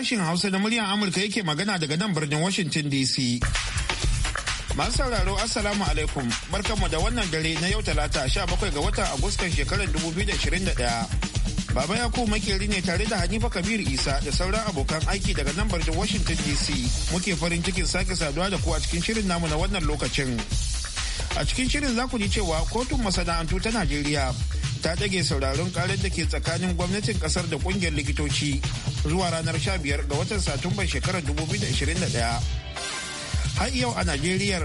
sashin Hausa na muryar Amurka yake magana daga nan birnin Washington DC. Masu sauraro Assalamu alaikum barkanmu da wannan dare na yau talata 17 ga watan Agustan shekarar 2021. Baba Yakubu makeri ne tare da Hanifa kabiru Isa da sauran abokan aiki daga nan birnin Washington DC muke farin cikin sake saduwa da ku a cikin shirin namu na wannan lokacin. A cikin shirin za ku ji cewa kotun masana'antu ta Najeriya ta dage sauraron karar da ke tsakanin gwamnatin kasar da kungiyar likitoci zuwa ranar 15 ga watan satumban shekarar 2021 har yau a najeriya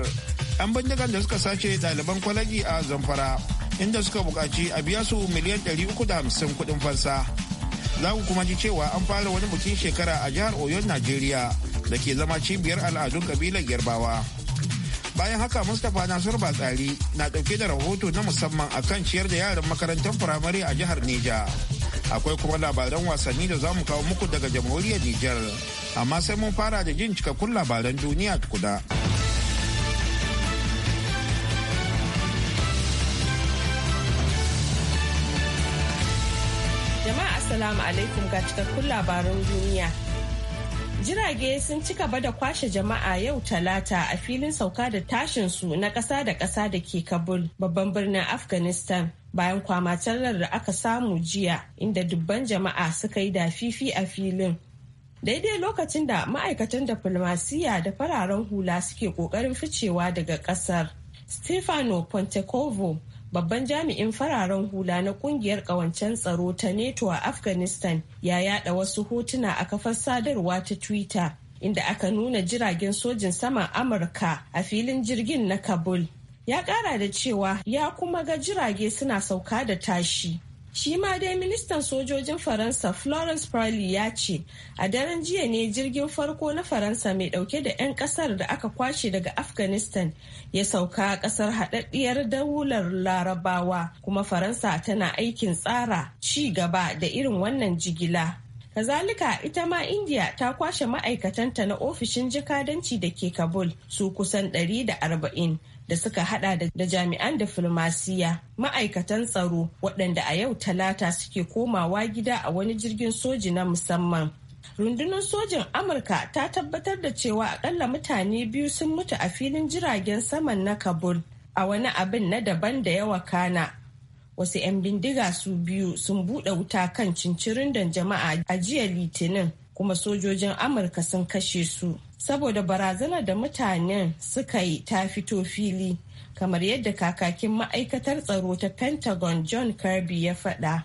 an bindigan da suka sace ɗaliban kwalaji a zamfara inda suka buƙaci a biya su miliyan 350 kuɗin fansa za ku kuma ji cewa an fara wani bikin shekara a jihar oyo najeriya da ke zama cibiyar al'adun kabilar yarbawa bayan haka mustapha nasiru batsari na ɗauke da rahoto na musamman akan ciyar da yaran makarantar firamare a jihar neja akwai kuma labaran wasanni da za mu kawo muku daga jamhuriyar Nijar. Amma sai mun fara da jin cikakkun labaran duniya kuda Jama'a Assalamu alaikum ga cikakkun labaran duniya. Jirage sun ci gaba da kwashe jama'a yau talata a filin sauka da tashin su na ƙasa da ƙasa da ke Kabul, babban birnin Afghanistan. Bayan kwama tallar da aka samu jiya inda dubban jama'a suka yi da fifi a filin. Daidai lokacin da ma'aikatan diplomasiya da fararen hula suke ƙoƙarin ficewa daga ƙasar. Stefano Pontecovo babban jami'in fararen hula na kungiyar kawancen tsaro ta neto a afghanistan ya yada wasu hotuna a kafar sadarwa ta twitter inda aka nuna jiragen sojin saman amurka a filin jirgin na kabul ya kara da cewa ya kuma ga jirage suna sauka da tashi Shi ma dai ministan sojojin Faransa Florence Parly ya ce, a daren jiya ne jirgin farko na Faransa mai dauke da 'yan kasar da aka kwashe daga Afghanistan ya sauka a kasar haɗaɗɗiyar daular larabawa kuma Faransa tana aikin tsara ci gaba da irin wannan jigila. Kazalika ita ma India ta kwashe ma'aikatanta na ofishin jikadanci da ke Kabul su kusan 140 da suka hada da jami'an diflomasiya ma'aikatan tsaro waɗanda a yau talata suke komawa gida a wani jirgin soji na musamman. rundunar sojin amurka ta tabbatar da cewa akalla mutane biyu sun mutu a filin jiragen saman na kabul a wani abin na daban da yawa kana wasu 'yan bindiga su biyu sun buɗe wuta kan cincirindan jama'a a jiya litinin kuma sojojin amurka sun kashe su saboda barazanar da mutanen suka yi ta fito fili kamar yadda kakakin ma'aikatar tsaro ta pentagon john kirby ya faɗa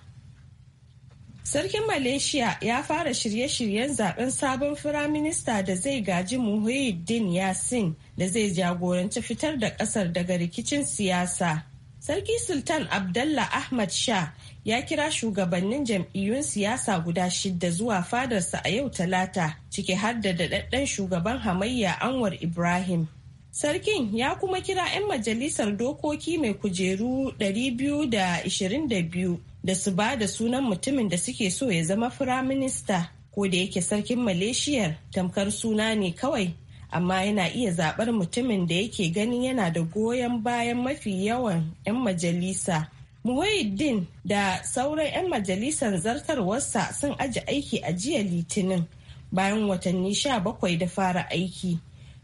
sarkin malaysia ya fara shirye-shiryen zaben sabon firaminista da zai gaji muhyiddin yasin da zai jagoranci fitar da ƙasar daga rikicin siyasa Sarki Sultan Abdallah Ahmad Shah ya kira shugabannin jam'iyyun siyasa guda shidda zuwa fadarsa a yau talata ciki har da daɗaɗɗen shugaban hamayya Anwar Ibrahim. Sarkin ya kuma kira 'yan majalisar dokoki mai kujeru 222 da su ba da sunan mutumin da suke so ya zama firaminista. ko da yake sarkin Malaysia tamkar suna ne kawai amma yana iya zaɓar mutumin da yake gani yana da goyon bayan mafi yawan 'yan majalisa. Muhyiddin da sauran 'yan majalisar zartarwarsa sun aji aiki a jiya litinin bayan watanni sha bakwai da fara aiki.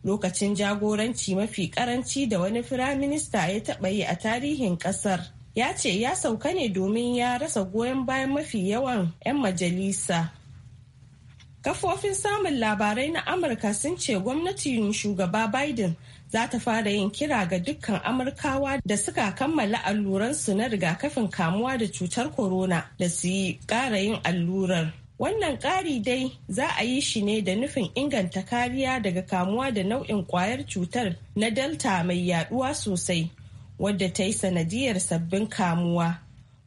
Lokacin jagoranci mafi karanci da wani firaminista ya taɓa yi a tarihin ƙasar. Ya ce ya sauka ne domin ya rasa goyon bayan mafi yawan 'yan majalisa. Kafofin samun labarai na Amurka sun ce gwamnatin shugaba Biden za ta fara yin kira ga dukkan Amurkawa da suka kammala alluransu na rigakafin kamuwa da cutar corona da su yi ƙara yin allurar. Wannan ƙari dai za a yi shi ne da nufin inganta kariya daga kamuwa da nau'in kwayar cutar na Delta mai yaduwa sosai, wadda ta yi sanadiyar sabbin kamuwa.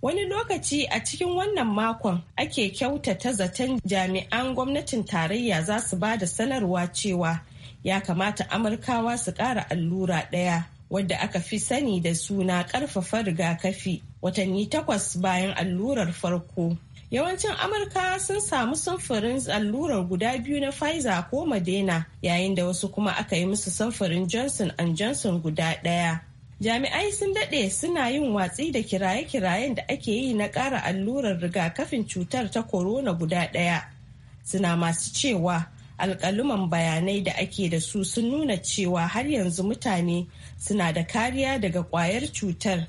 Wani lokaci a cikin wannan makon ake kyautata zaton jami'an gwamnatin tarayya za su ba da sanarwa cewa ya kamata Amurkawa su ƙara allura ɗaya wadda aka fi sani da suna ƙarfafa rigakafi watanni takwas bayan allurar farko. Yawancin Amurka sun samu samfurin allurar guda biyu na Pfizer ko Moderna yayin da wasu kuma aka yi musu samfurin Johnson Johnson guda ɗaya. jami'ai sun daɗe suna yin watsi da kiraye-kirayen da ake yi na ƙara allurar rigakafin cutar ta korona guda ɗaya suna masu cewa alƙaluman bayanai da ake da su sun nuna cewa har yanzu mutane suna da kariya daga ƙwayar cutar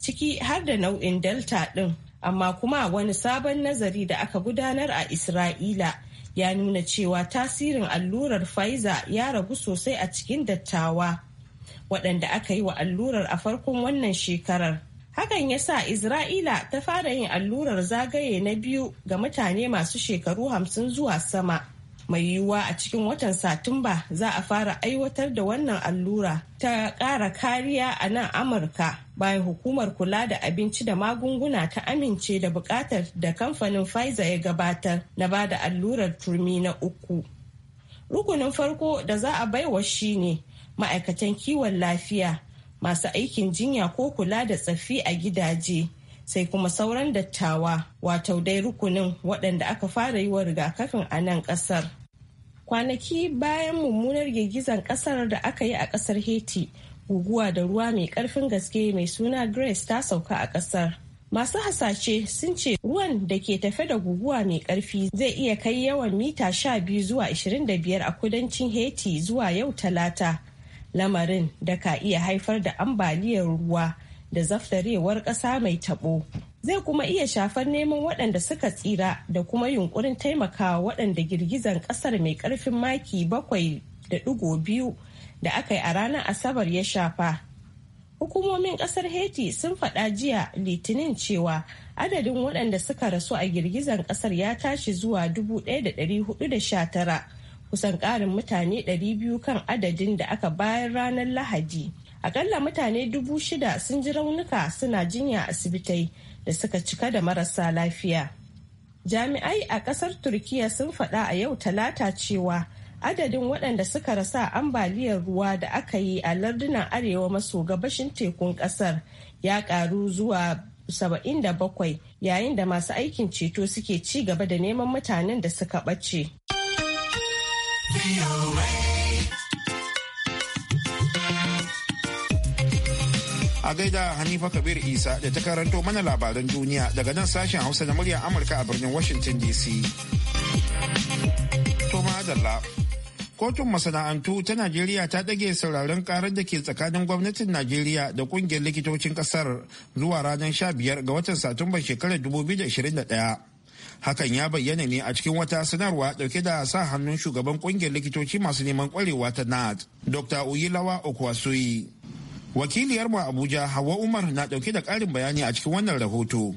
ciki har da nau'in delta ɗin amma kuma wani sabon nazari da aka gudanar a isra'ila ya nuna cewa tasirin allurar pfizer ya ragu sosai a cikin dattawa waɗanda aka yi wa allurar a farkon wannan shekarar. Hakan ya sa Isra'ila ta fara yin allurar zagaye na biyu ga mutane masu shekaru hamsin zuwa sama. Mai yiwuwa a cikin watan Satumba za a fara aiwatar da wannan allura ta ƙara kariya a nan Amurka bayan hukumar kula da abinci da magunguna ta amince da buƙatar da kamfanin Pfizer ya gabatar na ba da allurar turmi na uku. Rukunin farko da za a baiwa shi ne ma'aikatan kiwon lafiya masu aikin jinya ko kula da tsaffi a gidaje sai kuma sauran dattawa wato dai rukunin waɗanda aka fara yi wa rigakafin a nan ƙasar kwanaki bayan mummunar girgizan ƙasar da aka yi a ƙasar haiti guguwa da ruwa mai ƙarfin gaske mai suna grace ta sauka a ƙasar masu hasashe sun ce ruwan da ke tafe da guguwa mai ƙarfi zai iya kai yawan mita sha biyu zuwa 25 a kudancin haiti zuwa yau talata lamarin da ka iya haifar da ambaliyar ruwa da zaftarewar ƙasa mai taɓo zai kuma iya shafar neman waɗanda suka tsira da kuma yunkurin taimakawa waɗanda girgizan ƙasar mai ƙarfin maki bakwai da ɗigo biyu da aka yi a ranar asabar ya shafa hukumomin ƙasar haiti sun faɗa jiya litinin cewa adadin waɗanda suka rasu a girgizan ƙasar ya tashi zuwa 1419 kusan ƙarin mutane 200 kan adadin da aka bayar ranar lahadi akalla mutane dubu shida sun ji raunuka suna jinya asibitai da suka cika da marasa lafiya jami'ai a ƙasar turkiya sun faɗa a yau talata cewa adadin waɗanda suka rasa ambaliyar ruwa da aka yi a lardunan arewa maso gabashin tekun ƙasar ya ƙaru zuwa 77 yayin da masu aikin ceto suke ci gaba da neman mutanen da suka ɓace A gaida Hanifa Kabir Isa da ta karanto mana labaran duniya daga nan sashen Hausa na muryar Amurka a birnin Washington DC. Toma Adalla. Kotun masana'antu ta Najeriya ta ɗage sauraron karar da ke tsakanin gwamnatin Najeriya da kungiyar likitocin ƙasar zuwa ranar 15 ga watan Satumba shekarar 2021. hakan ya bayyana ne a cikin wata sanarwa dauke da sa hannun shugaban kungiyar likitoci masu neman kwarewa ta nat dr uyilawa okwasui wakiliyarmu abuja hawa umar na dauke da karin bayani a cikin wannan rahoto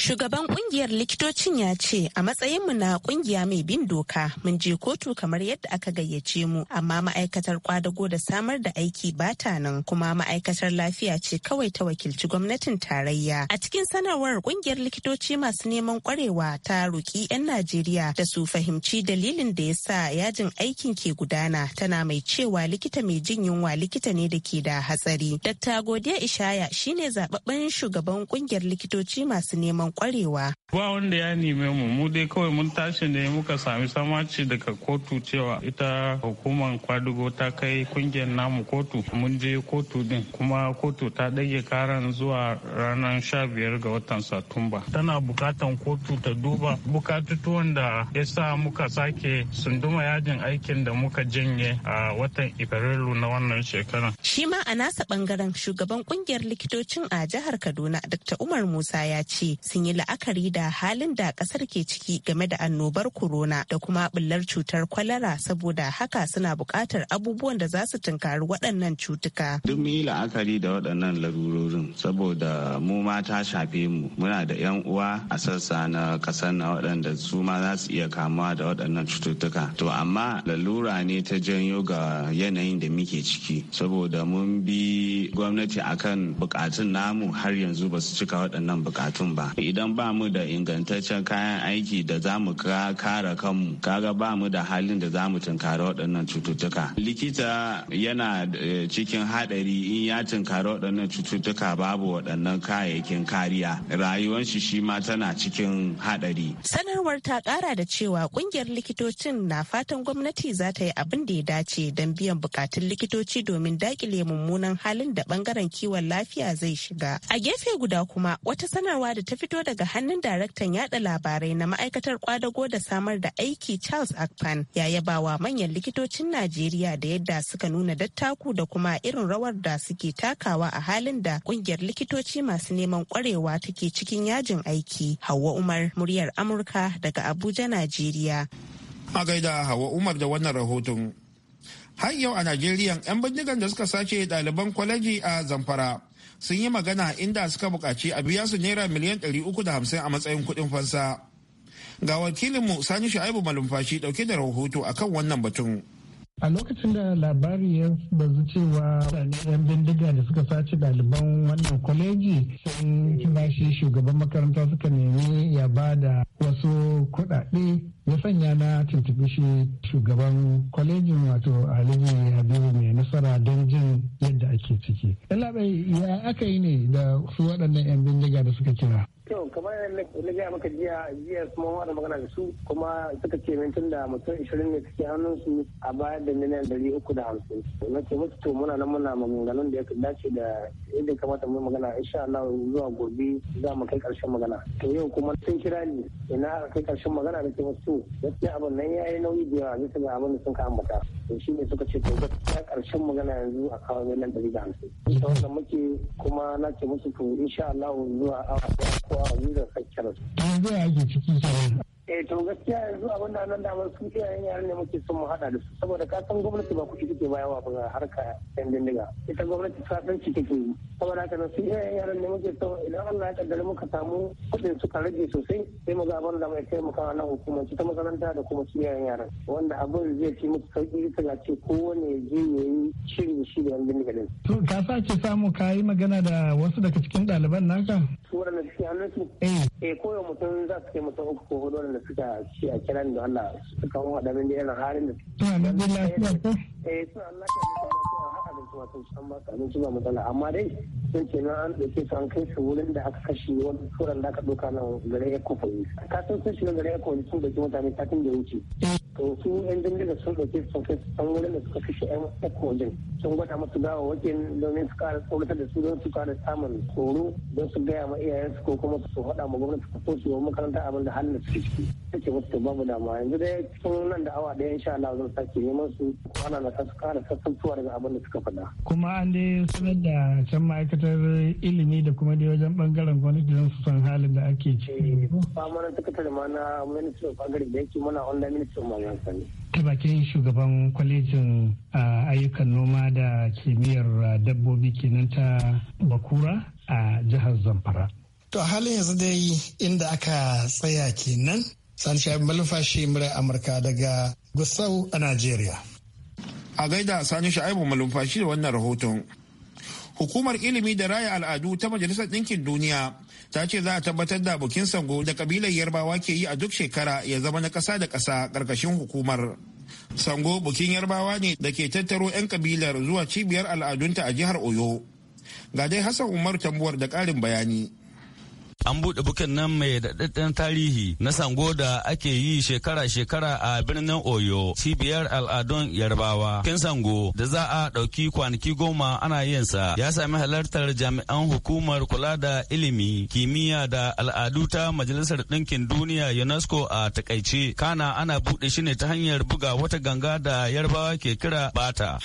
Shugaban kungiyar likitocin ya ce a matsayinmu na kungiya mai bin doka mun je kotu kamar yadda aka gayyace mu amma ma'aikatar kwadago da samar da aiki ba ta nan kuma ma'aikatar lafiya ce kawai ta wakilci gwamnatin tarayya. A cikin sanarwar kungiyar likitoci masu neman kwarewa ta roki 'yan Najeriya da su fahimci dalilin da ya sa yajin aikin ke gudana tana mai cewa likita mai jin yunwa likita ne da ke da hatsari. Dr. Godiya Ishaya shine zababben shugaban kungiyar likitoci masu neman kwarewa. Ba wanda ya nime mu mu dai kawai mun tashi ne muka sami samaci daga kotu cewa ita hukumar kwadugo ta kai kungiyar namu kotu mun je kotu din kuma kotu ta dage karan zuwa ranar sha biyar ga watan satumba. Tana bukatan kotu ta duba bukatutuwan da ya sa muka sake sunduma yajin aikin da muka janye a watan Ibrahimu na wannan shekara. Shi ma a nasa ɓangaren shugaban kungiyar likitocin a jihar Kaduna Dr. Umar Musa ya ce sun yi la'akari da halin da kasar ke ciki game da annobar corona da kuma bullar cutar kwalara saboda haka suna buƙatar abubuwan da za su tunkari waɗannan cutuka. Duk mun yi la'akari da waɗannan larurorin saboda mu ma ta shafe mu muna da 'yan uwa a sassa na ƙasar na waɗanda su ma za su iya kamuwa da waɗannan cututtuka. To amma lalura ne ta janyo ga yanayin da muke ciki saboda mun bi gwamnati akan bukatun namu har yanzu ba su cika waɗannan bukatun ba. idan ba mu da ingantaccen kayan aiki da za mu kare kanmu kaga ba mu da halin da za mu tunkari waɗannan cututtuka likita yana eh, cikin haɗari in ya tunkari waɗannan cututtuka babu waɗannan kayayyakin kariya rayuwar shi shi ma tana cikin haɗari sanarwar ta ƙara da cewa ƙungiyar likitocin na fatan gwamnati za ta yi abin da ya dace don biyan bukatun likitoci domin daƙile mummunan halin da ɓangaren kiwon lafiya zai shiga a gefe guda kuma wata sanarwa da ta fi fito daga hannun daraktan yada labarai na ma'aikatar kwadago da samar da aiki Charles Akpan ya yaba wa manyan likitocin Najeriya da yadda suka nuna dattaku da kuma irin rawar da suke takawa a halin da kungiyar likitoci masu neman kwarewa take cikin yajin aiki. Hauwa Umar muryar Amurka daga Abuja, Najeriya. A gaida Hauwa Umar da wannan rahoton. Har yau a Najeriya 'yan bindigan da suka sace ɗaliban kwaleji a Zamfara sun yi magana inda suka buƙaci a biya su naira miliyan 350 a matsayin kuɗin fansa. Ga wakilinmu Sani Shu'aibu Malumfashi ɗauke da rahoto akan wannan batun. a lokacin da labari ya bazu cewa yan bindiga da suka sace ɗaliban wannan kwaleji sun kira shi shugaban makaranta suka nemi ya ba da wasu kuɗaɗe ya sanya na tuntuɓi shi shugaban kwalejin wato alhaji habibu mai nasara don jin yadda ake ciki. labai ya aka yi ne da su waɗannan yan bindiga da suka kira. to kamar na gaya maka jiya jiya kuma da magana da su kuma suka ce min tun da mutum ishirin ne suke hannun su a bayar da miliyan ɗari uku da hamsin na ce musu to muna nan muna maganganun da ya dace da yadda kamata mu magana insha Allah zuwa gobe za mu kai karshen magana to yau kuma sun kira ni ina kai karshen magana da ke musu gaskiya abin nan yayi nauyi da yawa bisa ga abin da sun ka ambata to shi ne suka ce to gaskiya karshen magana yanzu a kawo miliyan ɗari da hamsin ita wanda muke kuma na ce musu to insha Allah zuwa awa ko awa biyu da sakkiyar. yanzu ya ake ciki kenan eh to gaskiya yanzu abin da nan da damar su iyayen yaran ne muke son mu hada da su saboda ka san gwamnati ba kuɗi take bayarwa ba ga harka yan dindiga ita gwamnati ta san ci take yi saboda haka su iyayen yaran ne muke son idan Allah ya kaddara muka samu kuɗin suka rage sosai sai mu ga abin da mai kai taimaka na hukumanci ta makaranta da kuma su iyayen yaran wanda abin zai ci musu sauki bisa ga ce kowane ya je ya yi shirin shi da yan dindiga din. to ka sake samu ka yi magana da wasu daga cikin ɗaliban naka. su waɗanda suke hannun su. eh, eh koyo mutum za su kai mutum uku ko hudu waɗanda suka ci a kiran da Allah suka kawo waɗannan da irin halin da suke. lafiya eh, ba amma dai sun ce na an ɗauke su an kai su wurin da aka kashe wani aka ɗauka nan gare Ka san sun shiga gare ya kofa sun ɗauki satin da to su yan dindiga sun ɗauke su sun kai su san wurin da suka kashe yan uku wajen sun gwada musu gawa wajen domin su kara tsoratar da su don su kara samun tsoro don su gaya ma iyayensu ko kuma su faɗa ma gwamnati ko su yi makaranta abin da halin da suke ciki take musu babu dama yanzu dai cikin nan da awa ɗaya insha Allah zan sake neman su ana na su ƙara sassantuwa daga abin da suka faɗa. kuma an dai sanar da can ma'aikatar ilimi da kuma dai wajen bangaren gwamnati don su san halin da ake ciki. Eh, ba mana sakatare ma na ministry of agriculture da yake muna online ministry of ta bakin shugaban kwalejin ayyukan noma da kimiyyar dabbobi kenan ta bakura a jihar zamfara. to halin yanzu dai inda aka tsaya kenan sani shabi malumfashi murar amurka daga gusau a najeriya a gaida sani sha'ibu malumfashi da wannan rahoton hukumar ilimi da raya al'adu ta majalisar ɗinkin duniya ta ce za a tabbatar da bukin sango da kabilar yarbawa ke yi a duk shekara ya zama na ƙasa da ƙasa ƙarƙashin hukumar sango bukin yarbawa ne da ke tattaro 'yan kabilar zuwa cibiyar al'adunta a jihar oyo ga dai hassan umar tambuwar da ƙarin bayani an buɗe bukin nan mai daɗaɗɗen tarihi na sango da ake yi shekara-shekara a birnin oyo cibiyar al'adun yarbawa kin sango da za a ɗauki kwanaki goma ana yin sa ya sami halartar jami'an hukumar kula da ilimi kimiyya da al'adu ta majalisar ɗinkin duniya unesco a takaice kana ana buɗe shi ne ta hanyar buga wata ganga da yarbawa ke kira bata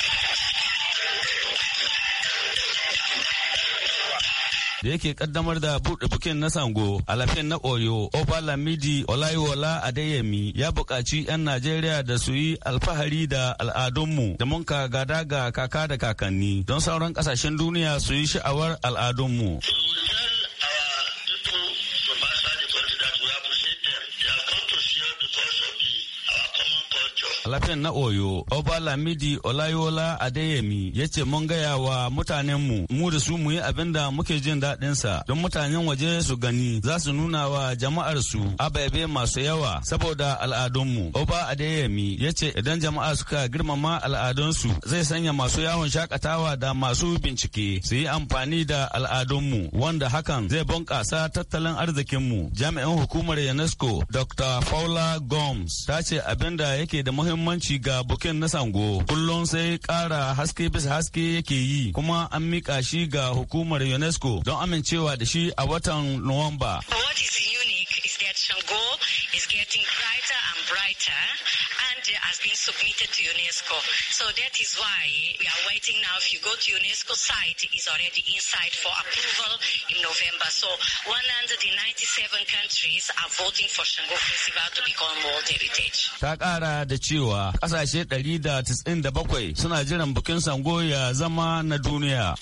da yake kaddamar da buɗe bukin na sango alafin na oyo obalamidi olayiwola adeyemi ya bukaci 'yan najeriya da su yi alfahari da al'adunmu da mun ka gada ga kaka da kakanni don sauran ƙasashen duniya su yi sha'awar al'adunmu. Alafin na Oyo, obalamidi Lamidi Olayola Adeyemi ya ce mun gaya wa mutanenmu mu da su mu yi abin da muke jin daɗinsa don mutanen waje su gani za su nuna wa jama'ar su ababe masu yawa saboda al'adunmu. Oba Adeyemi ya ce idan jama'a suka girmama al'adunsu zai sanya masu yawon shakatawa da masu bincike su yi amfani da al'adunmu wanda hakan zai bunƙasa tattalin arzikinmu. Jami'in hukumar UNESCO Dr. Paula Gomes ta ce abin da yake da muhimmanci muhimmanci ga bukin na sango kullum sai kara haske bisa haske yake yi kuma an mika shi ga hukumar unesco don amincewa da shi a watan nuwamba what is unique is that shango is getting brighter and brighter has been submitted to UNESCO. So that is why we are waiting now. If you go to UNESCO site, it's already inside for approval in November. So 197 countries are voting for Shango Festival to become World Heritage. Ta kara da cewa kasashe 197 suna jiran bukin Sango ya zama na duniya.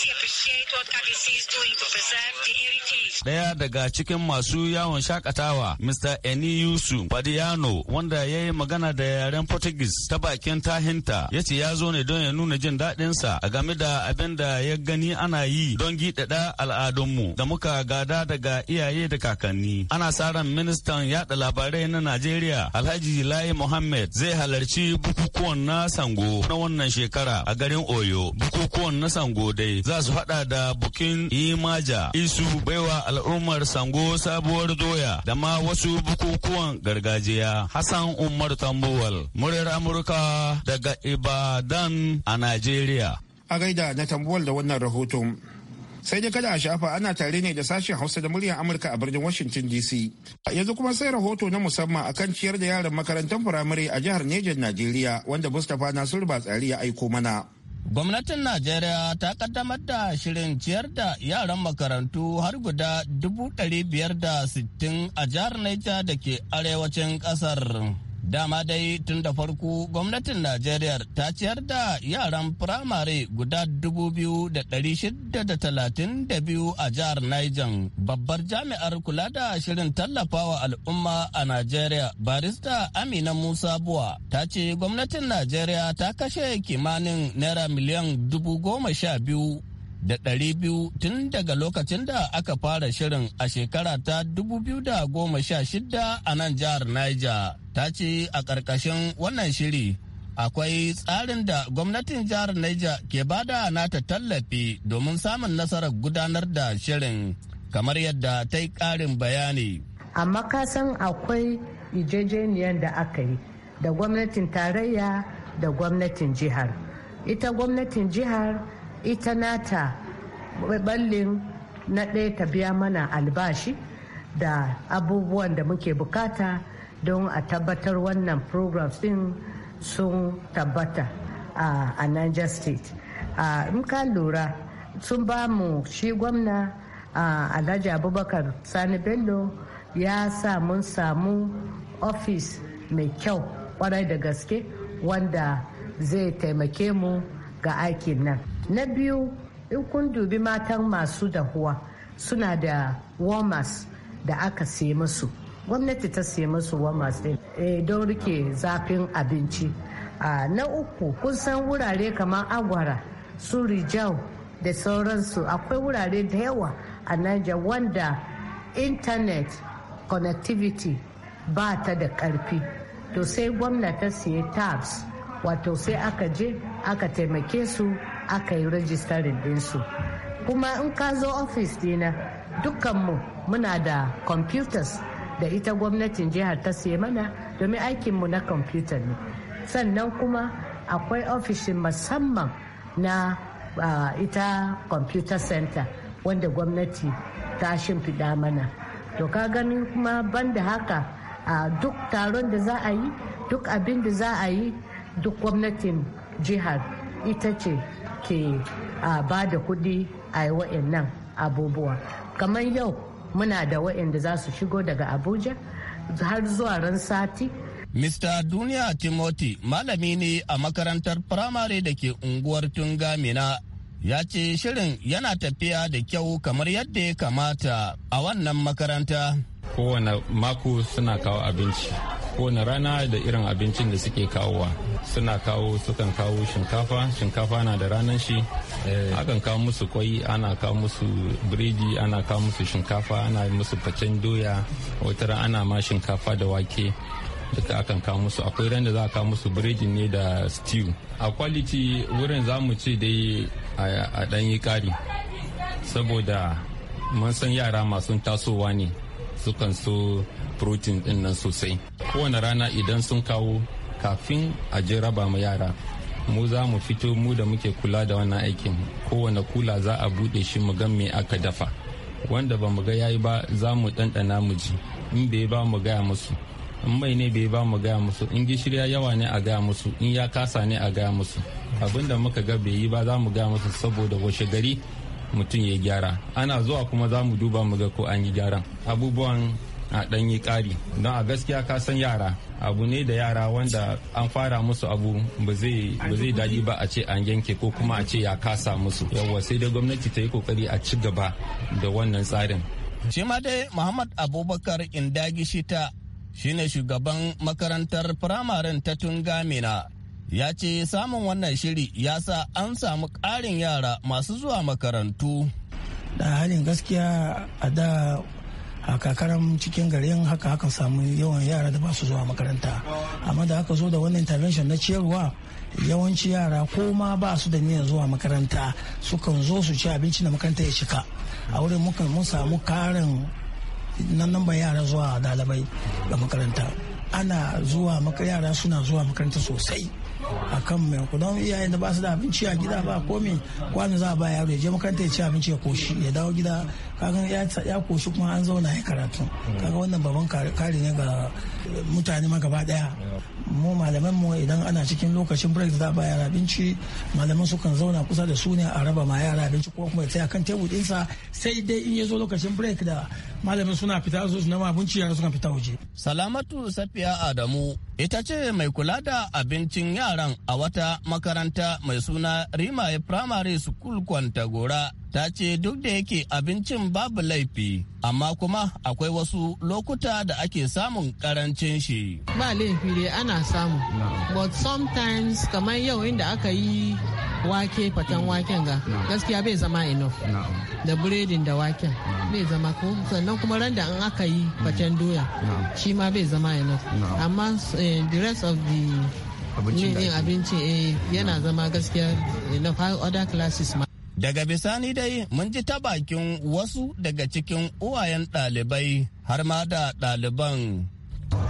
He appreciate what KBC is doing to preserve the heritage. Daya daga cikin masu yawon shakatawa Mr. Eni Yusu Fadiano wanda ya yi magana da yaren Portuguese ta bakin tahinta ya ce ya zo ne don ya nuna jin daɗinsa a game da abin da ya gani ana yi don giɗaɗa al'adunmu da muka gada daga iyaye da kakanni. Ana sa ran ministan yaɗa labarai na Najeriya Alhaji Lai Mohammed zai halarci bukukuwan na Sango na wannan shekara a garin Oyo. Bukukuwan na Sango dai za su haɗa da bukin Imaja Isu Baiwa al'ummar Sango Sabuwar Doya da ma wasu bukukuwan gargajiya. Hassan Umar Tambuwal, muryar Amurka daga Ibadan a Najeriya. A gaida na Tambuwal da wannan rahoton. Sai dai kada a shafa ana tare ne da sashen Hausa da muryar Amurka a birnin Washington DC. Yanzu kuma sai rahoto na musamman akan ciyar da yaran makarantar firamare a jihar Nejan Najeriya wanda Mustapha Nasiru ba tsari ya aiko mana. Gwamnatin Najeriya ta kaddamar da shirin ciyar da yaran makarantu har guda 560 a jihar Niger da ke arewacin ƙasar. Dama dai tun da farko gwamnatin Najeriya ta ciyar da yaran firamare guda 2,632 a jihar Niger. Babbar jami'ar kula da shirin tallafawa al'umma a Najeriya, barista Amina Musa Buwa, ta ce gwamnatin Najeriya ta kashe kimanin naira miliyan dubu goma sha biyu da ɗari biyu tun daga lokacin da aka fara shirin a shekara ta goma sha shida a nan jihar Niger ta ce a ƙarƙashin wannan shiri akwai tsarin da gwamnatin jihar Niger ke bada nata tallafi domin samun nasarar gudanar da shirin kamar yadda ta yi ƙarin bayani. a makasan akwai ijejeniyar da aka yi da gwamnatin tarayya da gwamnatin jihar. Ita gwamnatin jihar ita nata ballin na ɗaya ta biya mana albashi da abubuwan da muke bukata don a tabbatar wannan programs din sun tabbata a, a niger state in ka lura sun ba mu shi gwamna alhaji abubakar sani bello ya sa mun samu ofis mai kyau kwarai da gaske wanda zai taimake mu ga aikin nan na biyu in kun dubi matan masu dahuwa suna da warmers da aka sai musu gwamnati ta sai musu warmers din eh, don rike zafin abinci ah, na uku kun san wurare kamar agwara su rijau da sauransu akwai wurare da yawa a Niger wanda internet connectivity ba ta da karfi to sai gwamnati ta siya tabs wato sai aka je aka taimake su aka yi din su kuma in ka zo ofis dina dukkanmu muna da computers da ita gwamnatin jihar ta siya mana domin aikinmu na kwamfuta ne sannan kuma akwai ofishin musamman na uh, ita computer center wanda gwamnati ta shimfiɗa mana to ka gani kuma banda haka a duk taron da za a yi duk abin da za a yi duk gwamnatin jihar ita ce ke ba da kuɗi a yi wa'annan abubuwa kamar yau muna da wa'anda za su shigo daga abuja har zuwa ran sati Mr. Duniya timoti malami ne a makarantar firamare da ke unguwar Tunga Mina ya ce shirin yana tafiya da kyau kamar yadda ya kamata a wannan makaranta. Kowane mako suna kawo abinci kowane rana da irin abincin da suke kawowa suna kawo sukan kawo shinkafa shinkafa na da ranar shi eh, akan kawo musu kwai ana kawo musu biredi ana kawo musu shinkafa ana musu facen doya wata ana ma shinkafa da wake duka akan kawo musu akwai ran da za a kawo musu biredi ne da stew a kwaliti wurin za mu ce dai a dan yi kari saboda mun san yara masu tasowa ne sukan so protein din nan sosai kowane rana idan sun kawo kafin a je raba ma yara mu za mu fito mu da muke kula da wannan aikin kowane kula za a bude shi mu gan me aka dafa wanda ba mu ga yayi ba za mu ɗanɗana mu ji in bai ba mu gaya musu in mai ne bai ba mu gaya musu in ya yawa ne a gaya musu in ya kasa ne a gaya musu abin da muka ga bai yi ba za mu gaya musu saboda washe gari mutum ya gyara ana zuwa kuma za mu duba mu ga ko an yi gyaran abubuwan a dan yi kari don a gaskiya ka san yara abu ne da yara wanda an fara musu abu ba zai daji ba a ce an yanke ko kuma a ce ya kasa musu yawwa sai da gwamnati ta yi kokari a ci gaba da wannan tsarin shi ma dai muhammad abubakar indagishita shine shugaban makarantar firamaren ta tungamina ya ce samun wannan shiri ya sa an samu ƙarin yara masu zuwa makarantu da halin gaskiya a da a kakaran cikin garin haka hakan samu yawan yara da ba su zuwa makaranta amma da aka zo da wannan intervention na ciyarwa yawanci yara ko ma ba su da niyyar zuwa makaranta sukan zo su ci abinci na makaranta ya cika a wurin mun samu karin nan nan yara zuwa dalibai da makaranta ana zuwa yara suna zuwa makaranta sosai a kan mai kudan iyayen da ba su da abinci a gida ba komi kwanu za a ba yaro ya je makaranta ya ci abinci ya koshi ya dawo gida kaga ya ya koshi kuma an zauna ya karatu kaga wannan babban kare ne ga mutane ma gaba daya mu malaman mu idan ana cikin lokacin break za ba yara abinci malaman su kan zauna kusa da su ne a raba ma yara abinci ko kuma ya kan tebur dinsa sai dai in ya zo lokacin break da malamin suna fita su na abinci yara sukan fita waje salamatu safiya adamu ita ce mai kula da abincin yaran a wata makaranta mai suna rimaye primary school kwantagora ta ce duk da yake abincin babu laifi amma kuma akwai wasu lokuta da ake samun karancin shi ba laifi dai ana samu but sometimes kamar yau inda aka yi wake fatan waken ga gaskiya bai zama enough da biredin da waken bai zama ko sannan kuma randa an aka yi mm. fatan doya shi ma bai zama enough amma eh, the rest of the abincin abinci eh, yana zama gaskiya na other classes ma Daga bisani dai mun ji ta bakin wasu daga cikin uwayen ɗalibai har ma da ɗaliban.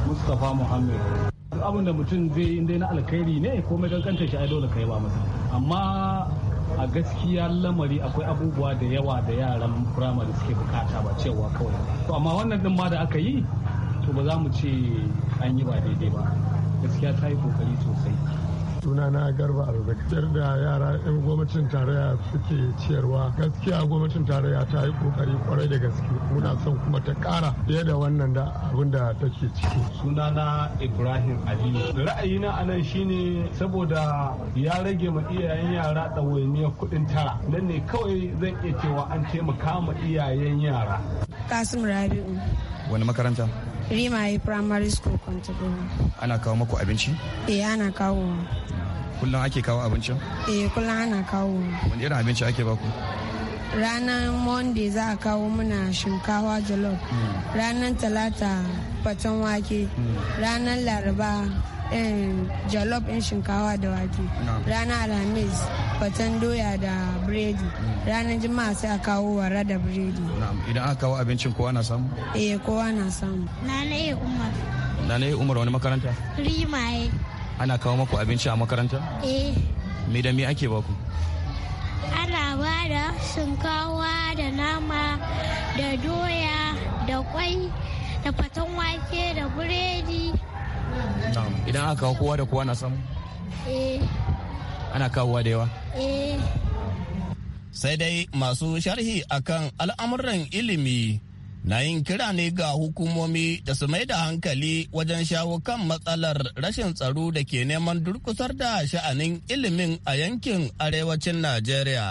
Mustapha Muhammad. Duk abin da mutum zai yi na alkhairi ne ko mai kankanta shi ai dole kai ba masa. Amma a gaskiya lamari akwai abubuwa da yawa da yaran firamare suke bukata ba cewa kawai. To amma wannan din ma da aka yi to ba za mu ce an yi ba daidai ba. Gaskiya ta yi kokari sosai. Suna na garba arzikatar da yara yan gwamnatin tarayya suke ciyarwa gaskiya gwamnatin tarayya ta yi kokari kwarai da gaske muna son kuma ta kara fiye da wannan da abin da take ciki Suna na ibrahim aliyu ra'ayina a nan shine saboda ya rage ma iyayen yara ɗawainiyar kuɗin tara nan ne kawai zan iya cewa an taimaka ma iyayen yara kasim rabi'u wani makaranta Rimaye Primary School Kwantagoro. Ana kawo maku abinci? Eh ana kawo. Kullum ake kawo abincin? Eh kullum ana kawo. Wani irin abinci ake baku? Ranar Monday za a kawo muna shinkawa jollof. Hmm. Ranar Talata faten wake. Hmm. Ranar Laraba jollof ɗin shinkawa da wake Rana alhamis fatan doya da biredi mm. ranar juma'a sai a kawo wara da biredi idan aka kawo abincin kowa na samu eh kowa na samu na na umar na na umar wani makaranta rimaye ana kawo maku abinci a makaranta eh me da me ake baku ana ba da shinkawa da nama da doya da kwai da fatan wake da biredi. sai dai masu sharhi akan al'amuran ilimi na yin kira ne ga hukumomi da su mai da hankali wajen shawo kan matsalar rashin tsaro da ke neman durkusar da sha'anin ilimin a yankin arewacin najeriya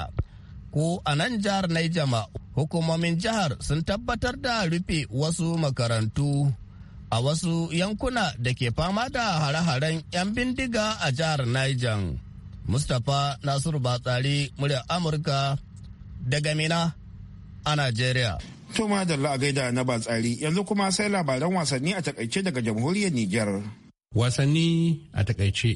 ko a nan jihar naijama hukumomin jihar sun tabbatar da rufe wasu makarantu a wasu yankuna da ke fama da hare-haren 'yan bindiga a jihar Niger. Mustapha Nasiru Batsari muryar Amurka daga Mina a Najeriya. To da a gaida na Batsari yanzu kuma sai labaran wasanni a takaice daga jamhuriyar Niger. Wasanni a takaice.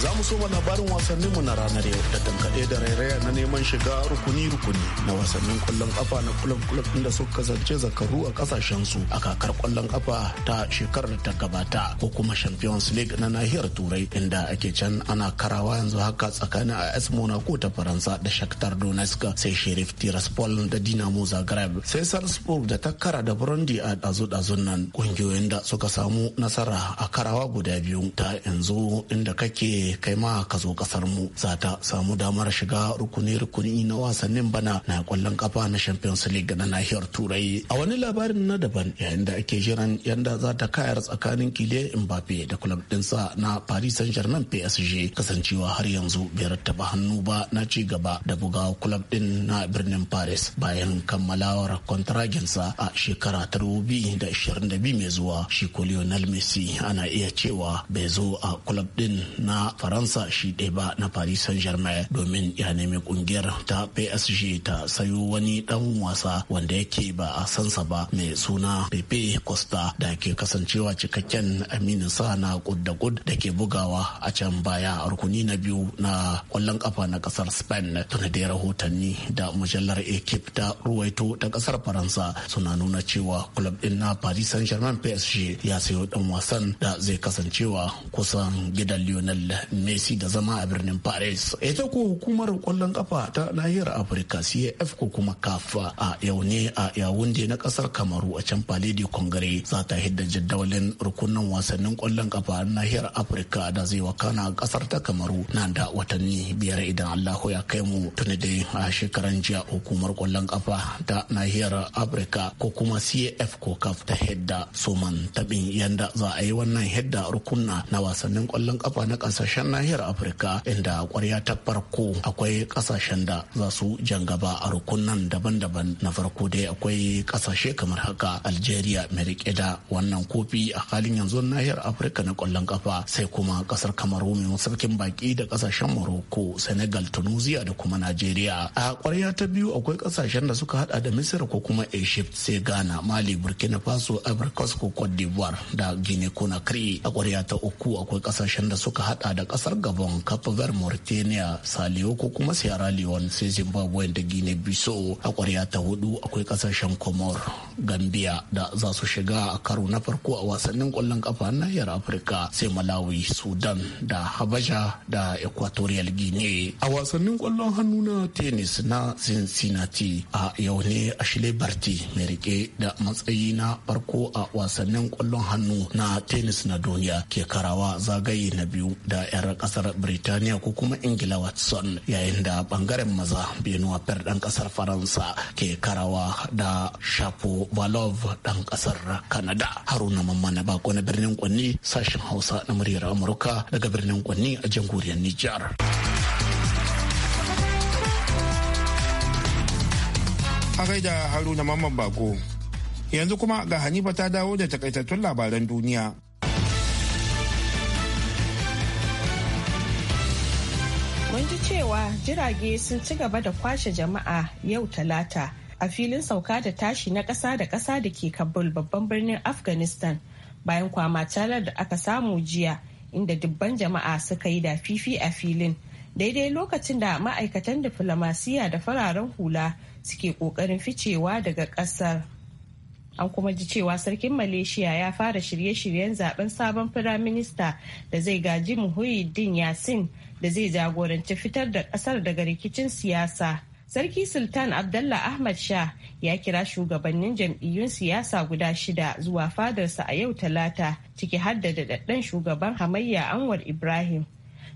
za mu mana labarin wasannin mu na ranar yau da tankaɗe da rairaya na neman shiga rukuni-rukuni na wasannin kwallon kafa na kulab-kulab inda suka kasance zakaru a kasashen su a kakar kwallon kafa ta shekarar ta gabata ko kuma Champions League na nahiyar Turai inda ake can ana karawa yanzu haka tsakanin AS Monaco ta Faransa da Shakhtar Donetsk sai Sheriff Tiraspol da Dinamo Zagreb sai Salzburg da ta kara da Burundi a dazu-dazun nan kungiyoyin da suka samu nasara a karawa guda biyu ta yanzu inda kake kai ma ka zo kasar mu za ta samu damar shiga rukuni-rukuni na wasannin bana na kwallon kafa na champions league na nahiyar turai a wani labarin na daban yayin da ake jiran yanda za ta kayar tsakanin kile mbappe da club dinsa na paris saint germain psg kasancewa har yanzu bai rattaba hannu ba na ci gaba da buga club din na birnin paris bayan kammalawar sa a shekara ta biyu mai zuwa shi ko lionel messi ana iya cewa bai zo a club din na faransa faransa shi ɗaya ba na paris saint germain domin ya nemi kungiyar ta psg ta sayo wani ɗan wasa wanda yake ba a sansa ba mai suna pepe costa da ke kasancewa cikakken aminin sa na kud da kud da ke bugawa a can baya a rukuni na biyu na kwallon kafa na kasar spain tuna da rahotanni da mujallar ekip ta ruwaito ta kasar faransa suna nuna cewa club ɗin na paris saint germain psg ya sayo ɗan wasan da zai kasancewa kusan gidan lionel Messi da zama a birnin Paris. Ita ko hukumar kwallon kafa ta nahiyar Afirka CAF ko kuma CAF a yau ne a da na kasar Kamaru a can Paledi Kongare za ta hidda jaddawalin rukunan wasannin kwallon kafa na nahiyar Afirka da zai wakana a kasar ta Kamaru na da watanni biyar idan Allah ya kai mu tuni dai a shekaran jiya hukumar kwallon kafa ta nahiyar Afirka ko kuma CAF ko CAF ta hidda suman tabin yanda za a yi wannan hidda rukunna na wasannin kwallon kafa na kasashen nahiyar afirka inda kwarya ta farko akwai kasashen da za su jan gaba a rukunan daban-daban na farko dai akwai kasashe kamar haka algeria mai rike da wannan kofi a halin yanzu nahiyar afirka na kwallon kafa sai kuma kasar kamaru mai sarkin baki da kasashen morocco senegal tunisia da kuma nigeria a kwarya ta biyu akwai kasashen da suka hada da misir ko kuma egypt sai ghana mali burkina faso ivory ko cote d'ivoire da guinea conakry a kwarya ta uku akwai kasashen da suka hada da ƙasa. kasar gabon cape verde mauritania saliyo ko kuma sierra leone sai zimbabwe da Gine bissau a kwarya ta hudu akwai kasashen komor gambia da za su shiga a karo na farko a wasannin kwallon kafa na nahiyar afirka sai malawi sudan da habasha da equatorial guinea a wasannin kwallon hannu na tennis na cincinnati a yau ne shile barti mai rike da matsayi na farko a wasannin kwallon hannu na tennis na duniya ke karawa zagaye na biyu da 'yar 'yar kasar Birtaniya ko kuma Ingila Watson yayin da bangaren maza Benoit Paire dan kasar Faransa ke karawa da Shapo Valov dan kasar Canada. Haruna Mamman Bako na birnin Kwanni sashen Hausa na muryar Amurka daga birnin Kwanni a jamhuriyar Nijar. Akai da Haruna Mamman Bako. Yanzu kuma ga Hanifa ta dawo da takaitattun labaran duniya. Mun ji cewa jirage sun ci gaba da kwashe jama'a yau talata a filin sauka da tashi na ƙasa da ƙasa da ke Kabul babban birnin Afghanistan bayan kwama talar da aka samu jiya inda dubban jama'a suka yi da fifi a filin daidai lokacin da ma'aikatan diflomasiya da fararen hula suke ƙoƙarin ficewa daga ƙasar. an kuma ji cewa sarkin malaysia ya fara shirye-shiryen zaben sabon firaminista da zai gaji muhyiddin yasin da zai jagoranci fitar da ƙasar daga rikicin siyasa. Sarki Sultan abdullah Ahmad Shah ya kira shugabannin jam'iyyun siyasa guda shida zuwa fadarsa a yau talata ciki haddada daɗaɗɗen shugaban hamayya Anwar Ibrahim.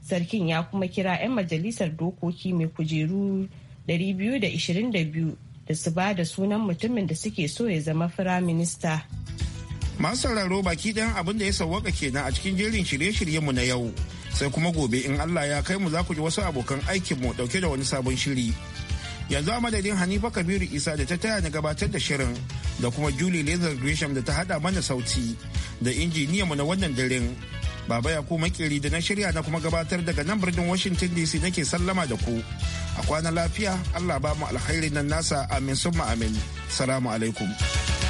Sarkin ya kuma kira 'yan majalisar dokoki mai kujeru 222 da su ba da sunan mutumin da suke so ya zama firaminista. Masu sauraro baki ɗan abin da ya sawwaka kenan a cikin jerin shirye-shiryenmu na yau. sai kuma gobe in Allah ya kai mu za ku ji wasu abokan mu dauke da wani sabon shiri. Yanzu a madadin Hanifa Kabiru Isa da ta taya ni gabatar da shirin da kuma Julie Lazar Gresham da ta hada mana sauti da injiniya mu na wannan daren. Baba ya kuma makeri da na shirya na kuma gabatar daga nan birnin Washington DC nake sallama da ku. A kwana lafiya Allah ba mu alkhairin nan nasa amin summa amin. Salamu alaikum.